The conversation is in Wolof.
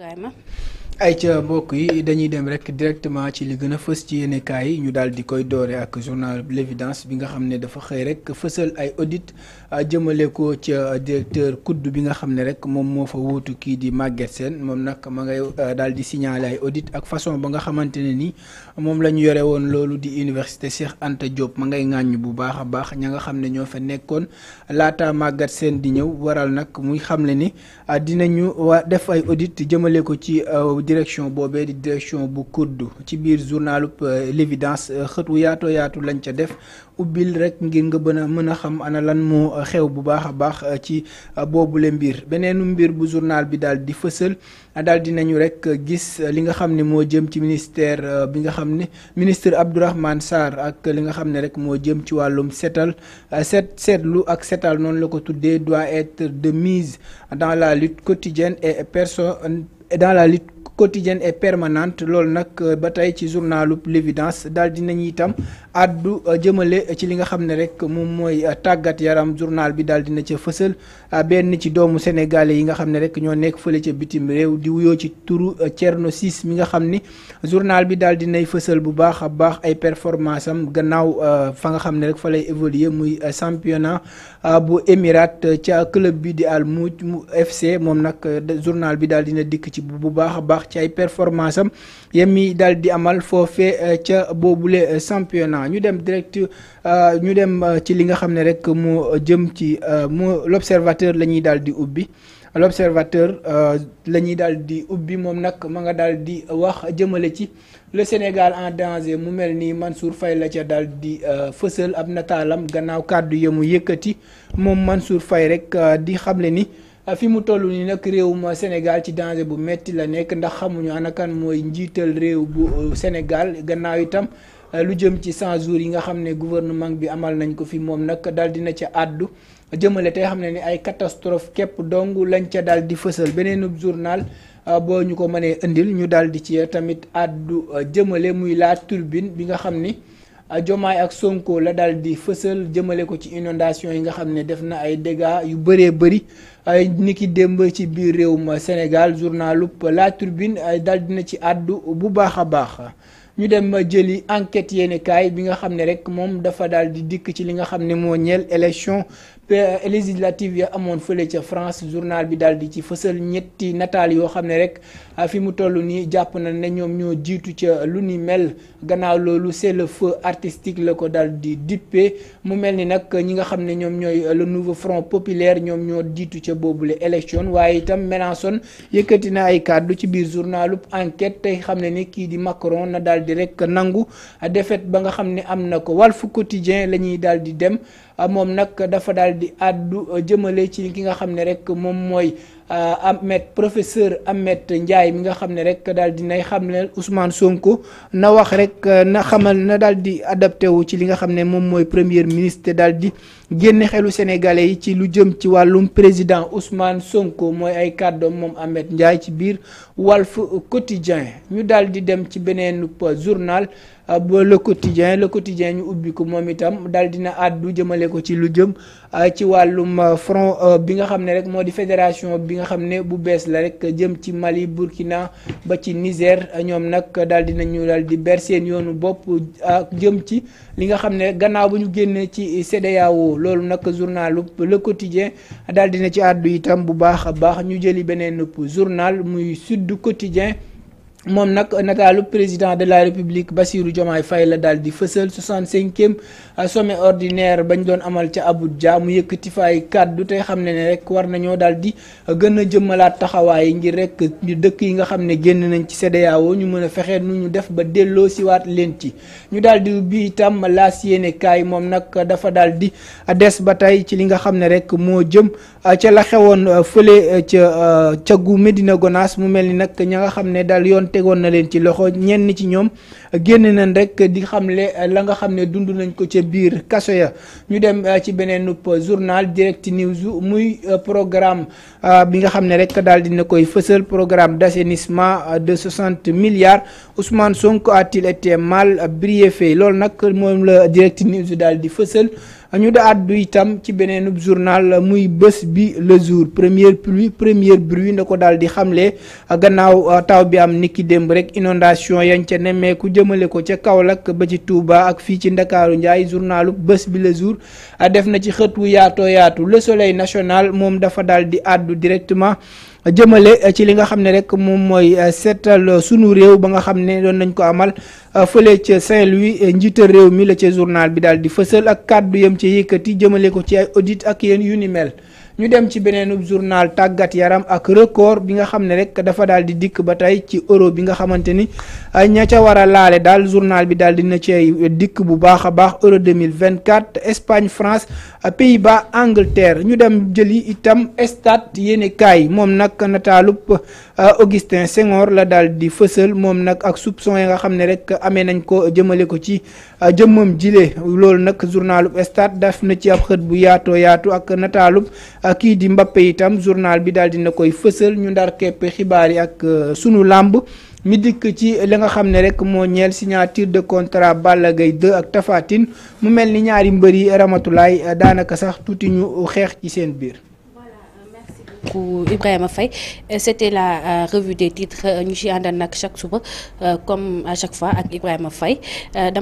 Ibrahima ay ca mbokk yi dañuy dem rek directement ci li gën a fës ci yéenekaay yi ñu daal di koy doore ak journal l'évidence bi nga xam ne dafa xëy rek fësal ay audit ah, jëmale ko ca directeur kudd bi nga xam ne rek moom moo fa wuutu kii di Maguette Sène moom nag ma ngay ah, daal di signaler ay audit ak façon ba nga xamante ne ni moom la ñu yore woon loolu di université Cheikh Anta Diop ma ngay ŋàññ bu baax a baax ña nga xam ne ñoo fa nekkoon laata Maguette seen di ñëw waral nag muy xam ne ni ah, dinañu wa def ay audit jëmale ko ci direction boobee di direction bu kuddu ci biir journalub euh, l'évidence euh, xëtu yaato yaatu lañ ca def ubbil rek ngir nga bën a mën a xam ana lan moo xew bu baax a baax euh, ci boobule mbir beneenu mbir bu journal bi daal di fësal daal dinañu rek gis li nga xam ne moo jëm ci ministère bi nga xam ne ministre Abdourahmane Sarr ak li nga xam ne rek moo jëm ci wàllum setal set seetlu ak setal noonu la ko tuddee doit être de mise dans la lutte quotidienne et personne dans la lutte quotidienne et permanente loolu nag euh, ba tey ci journalu l'évidence daal dinañu itam àddu euh, jëmale ci li nga xam ne rek moom mooy euh, tàggat yaram journal bi daal dina ca fësal benn ci doomu sénégalais yi nga xam ne rek ñoo nekk fële ca bitim réew di wuyoo ci turu Thierno Ciss mi nga xam ni journal bi daal dinay fësal bu baax a baax ay performance am gannaaw fa nga xam ne rek fa lay évoluer muy championnat bu Émirats ca club bi di Al Mouj FC moom nag journal bi daal dina dikk ci bu baax a baax ci ay performance am yemi dal di amal foofee eh, ca boobule eh, championnat ñu dem direct eh, ñu dem ci li nga xam ne rek mu jëm ci mu l'observateur la ñuy daal di ubbi l'observateur la ñuy daal di ubbi moom nag ma nga daal di wax jëmale ci le Sénégal en danger mu mel ni Mansour fay la ca daal di fësal ab nataalam gannaaw kàddu yamu yëkkati moom Mansour fay rek di xamle ni Ah, fi mu toll nii nag réewum Sénégal ci danger bu metti la nekk ndax xamuñu anakan mooy njiital réew bu euh, Sénégal gannaaw itam euh, lu jëm ci 100 jours yi nga xam ne gouvernement bi amal nañ ko fi moom nag dal dina ca àddu jëmale tey xam ne ni ay catastrophe képp dong lañ ca dal di fësal beneenub journal euh, boo ñu ko mënee indil ñu daal di ci tamit àddu jëmale muy la turbine bi nga xam ni Diomaye ak Sonko la daal di fësal jëmale ko ci inondation yi nga xam ne def na ay dégâts yu bëree bëri niki démb ci biir réew réewum Sénégal journalu La Tribune daal dina ci àddu bu baax a baax ñu dem ma jëli enquête yéenekaay bi nga xam ne rek moom dafa daal di dikk ci li nga xam ne moo ñeel élection législative ya amoon fële ca France journal bi daal di ci fësal ñetti nataal yoo xam ne rek ah, fi mu toll nii jàpp na ne ñoom ñoo jiitu ca lu ni mel gannaaw loolu c'est le feu artistique la ko daal di dippe mu mel ni nag ñi nga xam ne ñoom ñooy le nouveau front populaire ñoom ñoo jiitu ca boobule élection waaye itam Mélenchon yëkkati na ay du ci biir journalu enquête tey xam ne ni kii di Macron na daal di rek nangu défaite ba nga xam ne am na ko Walf Quotidien la ñuy daal di dem ah, di àddu jëmale ci ki nga xam ne rek moom mooy Euh, Ahmed professeur Ahmed Ndiaye mi nga xam ne rek daal di nay xam ne Ousmane Sonko na wax rek euh, na xamal na daal di adapté wu ci li nga xam ne moom mooy premier ministre daal di génne xelu sénégalais yi ci lu jëm ci wàllum président Ousmane Sonko mooy ay kàddoom moom Ahmed Ndiaye ci biir Walf Quotidien ñu daal di dem ci beneen journal euh, ba le quotidien le quotidien ñu ubbi ko moom itam daal dina àddu jëmale ko ci lu jëm ci wàllum front bi nga xam ne rek moo di fédération bi nga xam ne bu bees la rek jëm ci Mali Burkina ba ci Niger ñoom nag daal di nañu daal di ber seen yoonu bopp ak ah, jëm ci li nga xam ne gannaaw ba ñu génnee ci CEDEAO loolu nag journal Le Quotidien daal na ci àddu itam bu baax a baax ñu jëli beneen journal muy Sud Quotidien moom nag nagaalu président de la république Bassirou Diomaye fay la daal di fësal 65e euh, sommet ordinaire bañ doon amal ca Abuja mu yëkkati fay kàddu tey xam ne ne war nañoo daal di gën a jëmmalaat taxawaay ngir rek dëkk yi nga xam ne génn nañ ci CEDEAO ñu mën a fexe nu ñu def ba delloo siwaat leen ci ñu daal di bi itam laas yéene moom nag dafa daal di des ba tey ci li nga xam ne rek moo jëm euh, ca la xewoon euh, fële ca ca gu Medina mu mel ni nag ña nga xam ne daal yoon tegoon na leen ci loxo ñenn ci ñoom génn nañ rek di xamle eh, la nga xam ne dund nañ ko ca biir kaso ya ñu dem eh, ci beneen journal direct news muy eh, programme bi nga xam ne rek daal dina koy fësal programme d'assainissement de soixante milliards Ousmane Sonko a-t-il été mal briefé loolu nag moom la direct news daal di fësal. ñu da àddu itam ci beneenub journal muy bés bi le jour première pluie première bruit nda ko daal di xamle gannaaw euh, taw bi am niki démb rek inondation yañ ca nemmeeku jëmale ko ca Kaolack ba ci Touba ak fii ci Ndakaaru Njaay journalu bés bi le jour euh, def na ci xët wu yaatoo yaatu le soleil national moom dafa daal di àddu directement jëmale eh, ci li nga xam ne rek moom mooy eh, seetal eh, sunu réew ba nga xam ne doon nañ ko amal fële ca Saint-Louis njiital réew mi la ca journal bi daal di fësal ak kàddu yam ci yëkkati jëmale ko ci ay audit ak yéen yu ni mel. ñu dem ci beneen journal tàggat yaram ak record bi nga xam ne rek dafa daal di dikk ba tey ci euro bi nga xamante ni ña ca war a laale daal journal bi daal na cey dikk bu baax a baax euro deux mille vingt 2024 Espagne France pays ba Angleterre ñu dem jëli itam stade yéene kaay moom nag nataalub Euh, Augustin Senghor la daal di fësal moom nag ak soupçon yi nga xam ne rek amee nañ ko jëmale ko ci euh, jëmmam jile loolu nag journalub Stades daf na ci ab xët bu yaatoo yaatu ak nataalub euh, kii di Mbappé itam journal bi daal na koy fësal ñu ndar kepp xibaar yi ak suñu làmb mi dikk ci la nga xam ne rek moo ñeel signature de contrat Balla gay 2 ak tafaatin mu mel ni ñaari mbër yi Ramatulaay daanaka sax tuuti ñu xeex ci seen biir bu Ibrahima Faye c'était la euh, revue des titres euh, ñu ci àndal nag chaque suba euh, comme à chaque fois ak Ibrahima Faye